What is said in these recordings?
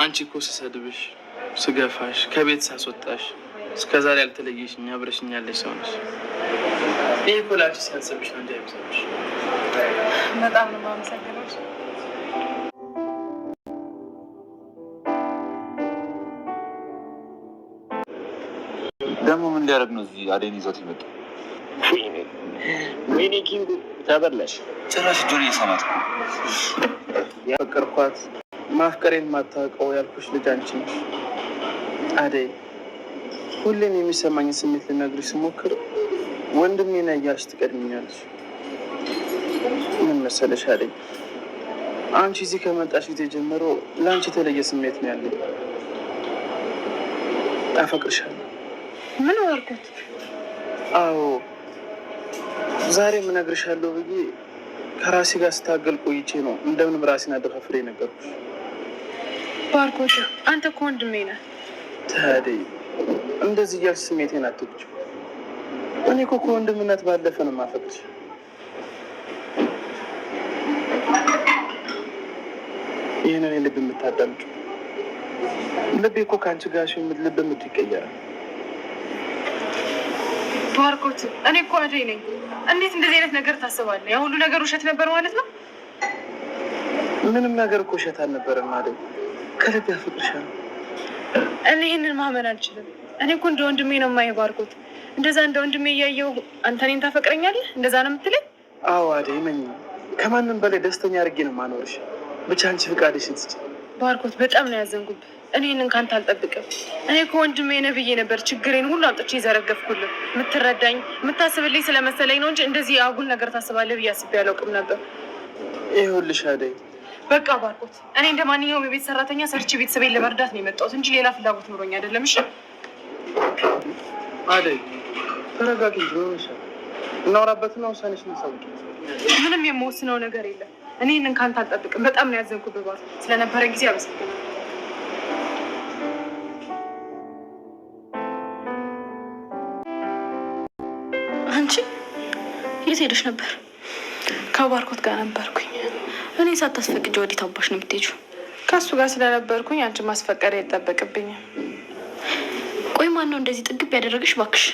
አንቺ እኮ ስሰድብሽ፣ ስገፋሽ፣ ከቤት ሳስወጣሽ እስከዛሬ ያልተለየሽኝ አብረሽኛለሽ ሰው ነሽ። ይህ እኮ ላንቺ ሲያንስብሽ ነው እንጂ አይብዛብሽ። በጣም ነው የማመሰግነው። ደግሞ ምን ሊያደርግ ነው እዚህ አደን ይዞት ይመጡ? ወይኔ ኪንጉ ተበላሽ። ጭራሽ ጆሮ እየሰማት ነው ያፈቀርኳት ማፍቀሬን ማታውቀው ያልኩሽ ልጅ አንቺ ነሽ አደይ። ሁሌም የሚሰማኝ ስሜት ልነግርሽ ስሞክር ወንድሜ ነህ እያልሽ ትቀድሚኛለሽ። ምን መሰለሽ አደይ፣ አንቺ እዚህ ከመጣሽ ጊዜ ጀምሮ ለአንቺ የተለየ ስሜት ነው ያለኝ። አፈቅርሻለሁ። ምን ወርኩት? አዎ ዛሬ ምነግርሻለሁ ብዬ ከራሴ ጋር ስታገል ቆይቼ ነው እንደምንም ራሴን አደፋፍሬ ነገር። ባርኮት አንተ እኮ ወንድሜ ነህ። ታዲያ እንደዚህ እያልሽ ስሜቴን አትግጭ። እኔ እኮ ከወንድምነት ባለፈ ነው የማፈቅድሽ። ይህንን ልብ የምታዳምጩ ልቤ እኮ ከአንቺ ጋር ልብ የምትቀየረ ባርኮት፣ እኔ እኮ አደይ ነኝ እንዴት እንደዚህ አይነት ነገር ታስባለህ? ያ ሁሉ ነገር ውሸት ነበር ማለት ነው? ምንም ነገር እኮ ውሸት አልነበረም። አ ከልብ ያፈቅርሻለሁ። እኔ ይህንን ማመን አልችልም። እኔ እኮ እንደ ወንድሜ ነው የማየው ባርኮት። እንደዛ እንደ ወንድሜ እያየው አንተ እኔን ታፈቅረኛለህ? እንደዛ ነው የምትለኝ? አዎ አዴ፣ ይመኝ ከማንም በላይ ደስተኛ አድርጌ ነው ማኖርሽ። ብቻ አንቺ ፍቃድሽን ስጪ። ባርኮት፣ በጣም ነው ያዘንጉብህ እኔን ካንተ አልጠብቅም። እኔ ከወንድሜ ነብዬ ነበር ችግሬን ሁሉ አምጥቼ የዘረገፍኩልን። የምትረዳኝ የምታስብልኝ ስለመሰለኝ ነው እንጂ እንደዚህ አጉል ነገር ታስባለህ ብዬ አስቤ አላውቅም ነበር። ይኸውልሽ አደይ፣ በቃ ባርኮት፣ እኔ እንደ ማንኛውም የቤት ሰራተኛ ሰርች ቤተሰቤን ለመርዳት ነው የመጣሁት እንጂ ሌላ ፍላጎት ኖሮኝ አይደለም። እሺ አደይ፣ እናውራበት ነው ውሳኔሽ ንሰውቅ። ምንም የምወስነው ነገር የለም። እኔን ካንተ አልጠብቅም። በጣም ነው ያዘንኩ። ባርኮት። ስለነበረ ጊዜ አመሰግናለሁ። አንቺ የት ሄደሽ ነበር? ከባርኮት ጋር ነበርኩኝ። እኔ ሳታስፈቅጅ ወዴት አባሽ ነው የምትሄጂው? ከሱ ጋር ስለነበርኩኝ አንቺ ማስፈቀድ አይጠበቅብኝም። ቆይ ማን ነው እንደዚህ ጥግብ ያደረገሽ? ባክሽ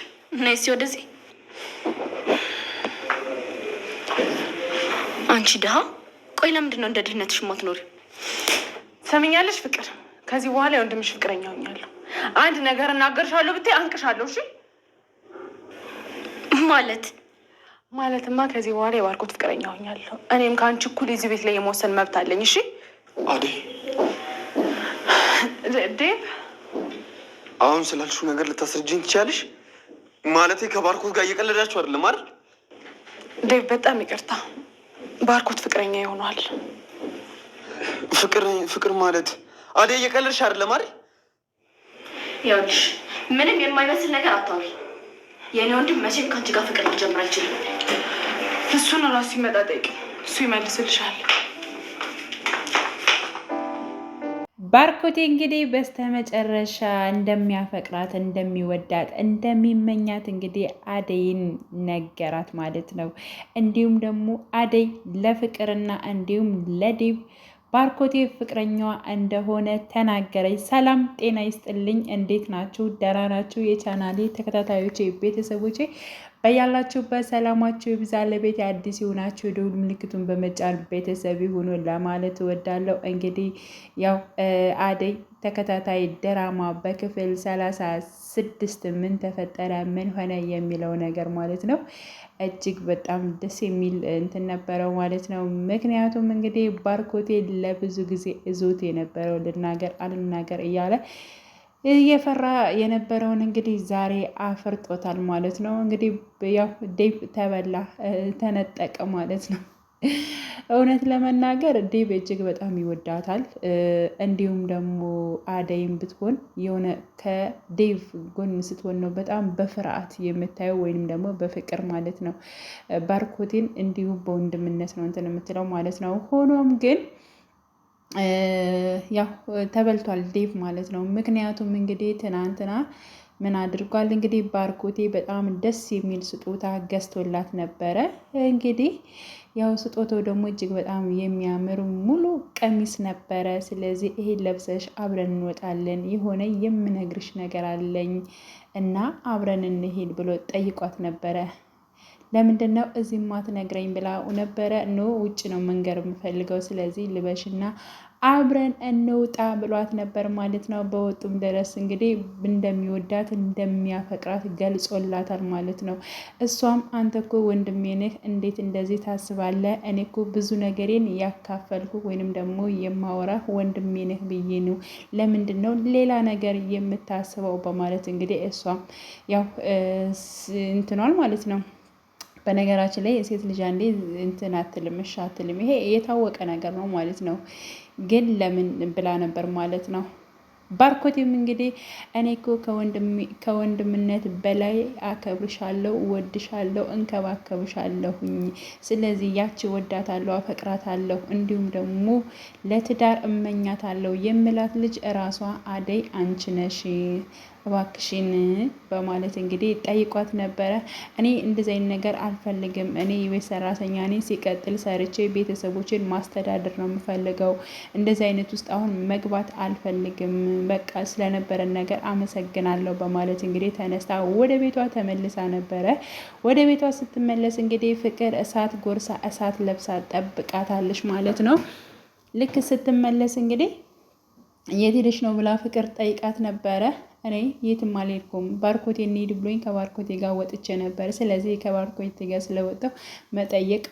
ነይ እስኪ ወደዚህ። አንቺ ድሃ፣ ቆይ ለምንድን ነው እንደ ድህነትሽ የማትኖሪው? ሰምኛለሽ ፍቅር፣ ከዚህ በኋላ የወንድምሽ ፍቅረኛ ሆኛለሁ። አንድ ነገር እናገርሻለሁ ብታይ አንቅሻለሁ። እሺ ማለት ማለትማ ከዚህ በኋላ የባርኮት ፍቅረኛ ሆኛለሁ። እኔም ከአንቺ እኩል እዚህ ቤት ላይ የመወሰን መብት አለኝ። እሺ አዴ። ዴቭ አሁን ስላልሽው ነገር ልታስረጅኝ ትችያለሽ? ማለቴ ከባርኮት ጋር እየቀለዳችሁ አይደለም አይደል? ዴቭ በጣም ይቅርታ። ባርኮት ፍቅረኛ ይሆናል። ፍቅር ፍቅር ማለት አዴ፣ እየቀለድሽ አይደለም አይደል? ያውልሽ ምንም የማይመስል ነገር አታውሪ የእኔ ወንድም መቼም ከአንቺ ጋር ፍቅር ሊጀምር አይችልም። እሱን እራሱ ሲመጣ ጠይቅ፣ እሱ ይመልስልሻል። ባርኮቴ እንግዲህ በስተመጨረሻ እንደሚያፈቅራት እንደሚወዳት እንደሚመኛት እንግዲህ አደይን ነገራት ማለት ነው። እንዲሁም ደግሞ አደይ ለፍቅርና እንዲሁም ለዲብ ባርኮቴ ፍቅረኛዋ እንደሆነ ተናገረች። ሰላም ጤና ይስጥልኝ፣ እንዴት ናችሁ? ደህና ናችሁ? የቻናሌ ተከታታዮች ቤተሰቦቼ በያላችሁበት ሰላማችሁ ይብዛ። ለቤት አዲስ የሆናችሁ የደውል ምልክቱን በመጫን ቤተሰብ ይሁኑ ለማለት እወዳለሁ። እንግዲህ ያው አደይ ተከታታይ ድራማ በክፍል ሰላሳ ስድስት ምን ተፈጠረ ምን ሆነ የሚለው ነገር ማለት ነው። እጅግ በጣም ደስ የሚል እንትን ነበረው ማለት ነው። ምክንያቱም እንግዲህ ባርኮቴ ለብዙ ጊዜ እዞት የነበረው ልናገር አልናገር እያለ እየፈራ የነበረውን እንግዲህ ዛሬ አፍርጦታል ማለት ነው። እንግዲህ ያው ዴቭ ተበላ ተነጠቀ ማለት ነው። እውነት ለመናገር ዴቭ እጅግ በጣም ይወዳታል። እንዲሁም ደግሞ አደይም ብትሆን የሆነ ከዴቭ ጎን ስትሆን ነው በጣም በፍርሃት የምታየው ወይንም ደግሞ በፍቅር ማለት ነው። ባርኮቴን እንዲሁም በወንድምነት ነው እንትን የምትለው ማለት ነው። ሆኖም ግን ያው ተበልቷል ዴቭ ማለት ነው። ምክንያቱም እንግዲህ ትናንትና ምን አድርጓል እንግዲህ ባርኮቴ በጣም ደስ የሚል ስጦታ ገዝቶላት ነበረ እንግዲህ ያው ስጦታው ደግሞ እጅግ በጣም የሚያምር ሙሉ ቀሚስ ነበረ። ስለዚህ ይሄን ለብሰሽ አብረን እንወጣለን፣ የሆነ የምነግርሽ ነገር አለኝ እና አብረን እንሄድ ብሎ ጠይቋት ነበረ። ለምንድን ነው እዚህ ማትነግረኝ ብላው ነበረ። ኖ ውጭ ነው መንገር የምፈልገው ስለዚህ ልበሽና አብረን እንውጣ ብሏት ነበር ማለት ነው። በወጡም ድረስ እንግዲህ እንደሚወዳት እንደሚያፈቅራት ገልጾላታል ማለት ነው። እሷም አንተ እኮ ወንድሜ ነህ፣ እንዴት እንደዚህ ታስባለህ? እኔ እኮ ብዙ ነገሬን ያካፈልኩ ወይንም ደግሞ የማወራህ ወንድሜ ነህ ብዬ ነው። ለምንድን ነው ሌላ ነገር የምታስበው? በማለት እንግዲህ እሷም ያው እንትኗል ማለት ነው በነገራችን ላይ የሴት ልጅ አንዴ እንትን አትልም እሺ አትልም። ይሄ የታወቀ ነገር ነው ማለት ነው። ግን ለምን ብላ ነበር ማለት ነው። ባርኮቴም እንግዲህ እኔ እኮ ከወንድምነት በላይ አከብርሻለሁ፣ ወድሻለሁ፣ እንከባከብሻለሁኝ። ስለዚህ ያቺ ወዳታለሁ፣ አፈቅራታለሁ፣ እንዲሁም ደግሞ ለትዳር እመኛታለሁ የምላት ልጅ እራሷ አደይ አንቺ ነሽ እባክሽን በማለት እንግዲህ ጠይቋት ነበረ። እኔ እንደዚህ አይነት ነገር አልፈልግም። እኔ የቤት ሰራተኛ ነኝ። ሲቀጥል ሰርቼ ቤተሰቦችን ማስተዳደር ነው የምፈልገው። እንደዚህ አይነት ውስጥ አሁን መግባት አልፈልግም። በቃ ስለነበረን ነገር አመሰግናለሁ በማለት እንግዲህ ተነስታ ወደ ቤቷ ተመልሳ ነበረ። ወደ ቤቷ ስትመለስ እንግዲህ ፍቅር እሳት ጎርሳ እሳት ለብሳ ጠብቃታለች ማለት ነው። ልክ ስትመለስ እንግዲህ የት ነው ብላ ፍቅር ጠይቃት ነበረ። እኔ የትም አልሄድኩም ባርኮቴ እንሂድ ብሎኝ ከባርኮቴ ጋር ወጥቼ ነበር። ስለዚህ ከባርኮቴ ጋር ስለወጣሁ መጠየቅ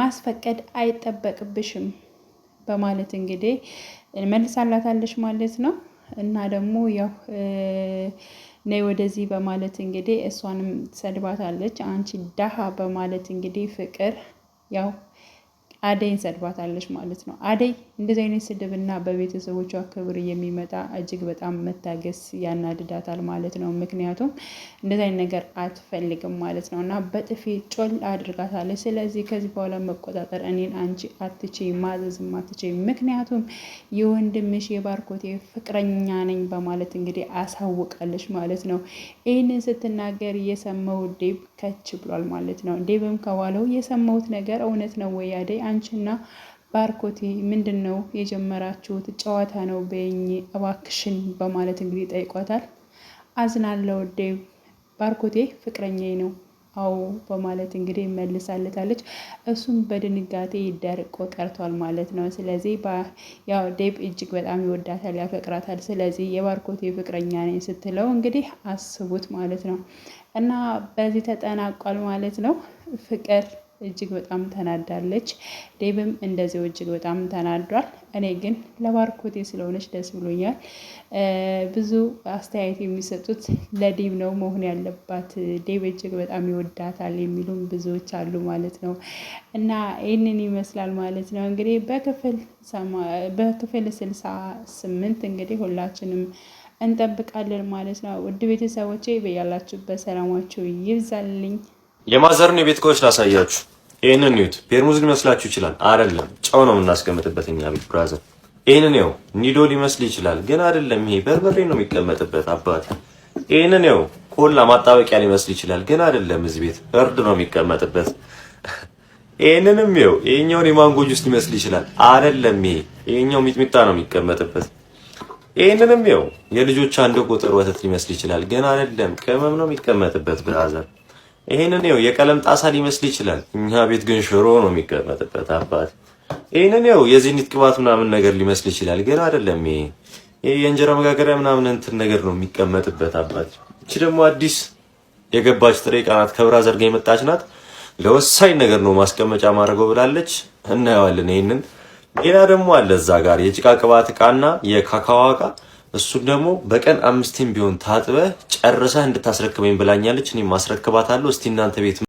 ማስፈቀድ አይጠበቅብሽም በማለት እንግዲህ መልሳላታለች ማለት ነው። እና ደግሞ ያው ነይ ወደዚህ በማለት እንግዲህ እሷንም ትሰድባታለች። አንቺ ዳሃ በማለት እንግዲህ ፍቅር ያው አደይን ሰድባታለች ማለት ነው። አደይ እንደዚህ አይነት ስድብ ስድብና በቤተሰቦቿ ክብር የሚመጣ እጅግ በጣም መታገስ ያናድዳታል ማለት ነው። ምክንያቱም እንደዚህ አይነት ነገር አትፈልግም ማለት ነው እና በጥፊ ጮል አድርጋታለች። ስለዚህ ከዚህ በኋላ መቆጣጠር እኔን አንቺ አትቼ ማዘዝም አትቼ፣ ምክንያቱም የወንድምሽ የባርኮቴ ፍቅረኛ ነኝ በማለት እንግዲህ አሳውቃለች ማለት ነው። ይህንን ስትናገር የሰማው ዴብ ከች ብሏል ማለት ነው። ዴብም ከዋለው የሰማሁት ነገር እውነት ነው ወይ አደይ አንቺና ባርኮቴ ምንድን ነው የጀመራችሁት? ጨዋታ ነው በኝ እባክሽን በማለት እንግዲህ ጠይቋታል። አዝናለሁ ዴቭ ባርኮቴ ፍቅረኛዬ ነው አዎ በማለት እንግዲህ መልሳለታለች። እሱም በድንጋጤ ደርቆ ቀርቷል ማለት ነው። ስለዚህ ያው ዴብ እጅግ በጣም ይወዳታል፣ ያፈቅራታል። ስለዚህ የባርኮቴ ፍቅረኛ ነኝ ስትለው እንግዲህ አስቡት ማለት ነው እና በዚህ ተጠናቋል ማለት ነው ፍቅር እጅግ በጣም ተናዳለች። ዴብም እንደዚው እጅግ በጣም ተናዷል። እኔ ግን ለባርኮቴ ስለሆነች ደስ ብሎኛል። ብዙ አስተያየት የሚሰጡት ለዴብ ነው መሆን ያለባት፣ ዴብ እጅግ በጣም ይወዳታል የሚሉም ብዙዎች አሉ ማለት ነው። እና ይህንን ይመስላል ማለት ነው እንግዲህ በክፍል ስልሳ ስምንት እንግዲህ ሁላችንም እንጠብቃለን ማለት ነው። ውድ ቤተሰቦቼ በያላችሁበት ሰላማችሁ ይብዛልኝ። የማዘርን የቤት እቃዎች ላሳያችሁ ይህንን ኒውት ፔርሙዝ ሊመስላችሁ ይችላል። አይደለም፣ ጨው ነው የምናስቀምጥበት እኛ ቤት ብራዘር። ይህንን ው ኒዶ ሊመስል ይችላል፣ ግን አይደለም። ይሄ በርበሬ ነው የሚቀመጥበት አባት። ይህንን ው ኮላ ማጣበቂያ ሊመስል ይችላል፣ ግን አይደለም። እዚህ ቤት እርድ ነው የሚቀመጥበት። ይህንንም ው ይህኛውን የማንጎ ጁስ ሊመስል ይችላል፣ አይደለም። ይሄ ይህኛው ሚጥሚጣ ነው የሚቀመጥበት። ይህንንም ው የልጆች አንድ ቁጥር ወተት ሊመስል ይችላል፣ ግን አይደለም። ቅመም ነው የሚቀመጥበት ብራዘር ይሄንን ይኸው የቀለም ጣሳ ሊመስል ይችላል። እኛ ቤት ግን ሽሮ ነው የሚቀመጥበት። አባት ይሄንን ይኸው የዚኒት ቅባት ምናምን ነገር ሊመስል ይችላል፣ ግን አይደለም። ይሄ የእንጀራ መጋገሪያ ምናምን እንትን ነገር ነው የሚቀመጥበት። አባት እቺ ደግሞ አዲስ የገባች ጥሬ ዕቃ ናት፣ ከብራ ዘርጋ የመጣች ናት። ለወሳኝ ነገር ነው ማስቀመጫ ማድረገው ብላለች። እናየዋለን። ይሄንን ሌላ ደግሞ አለ እዛ ጋር የጭቃ ቅባት ዕቃና የካካዋ ዕቃ እሱን ደግሞ በቀን አምስቴም ቢሆን ታጥበህ ጨርሰህ እንድታስረክበኝ ብላኛለች። እኔም ማስረክባታለሁ። እስቲ እናንተ ቤት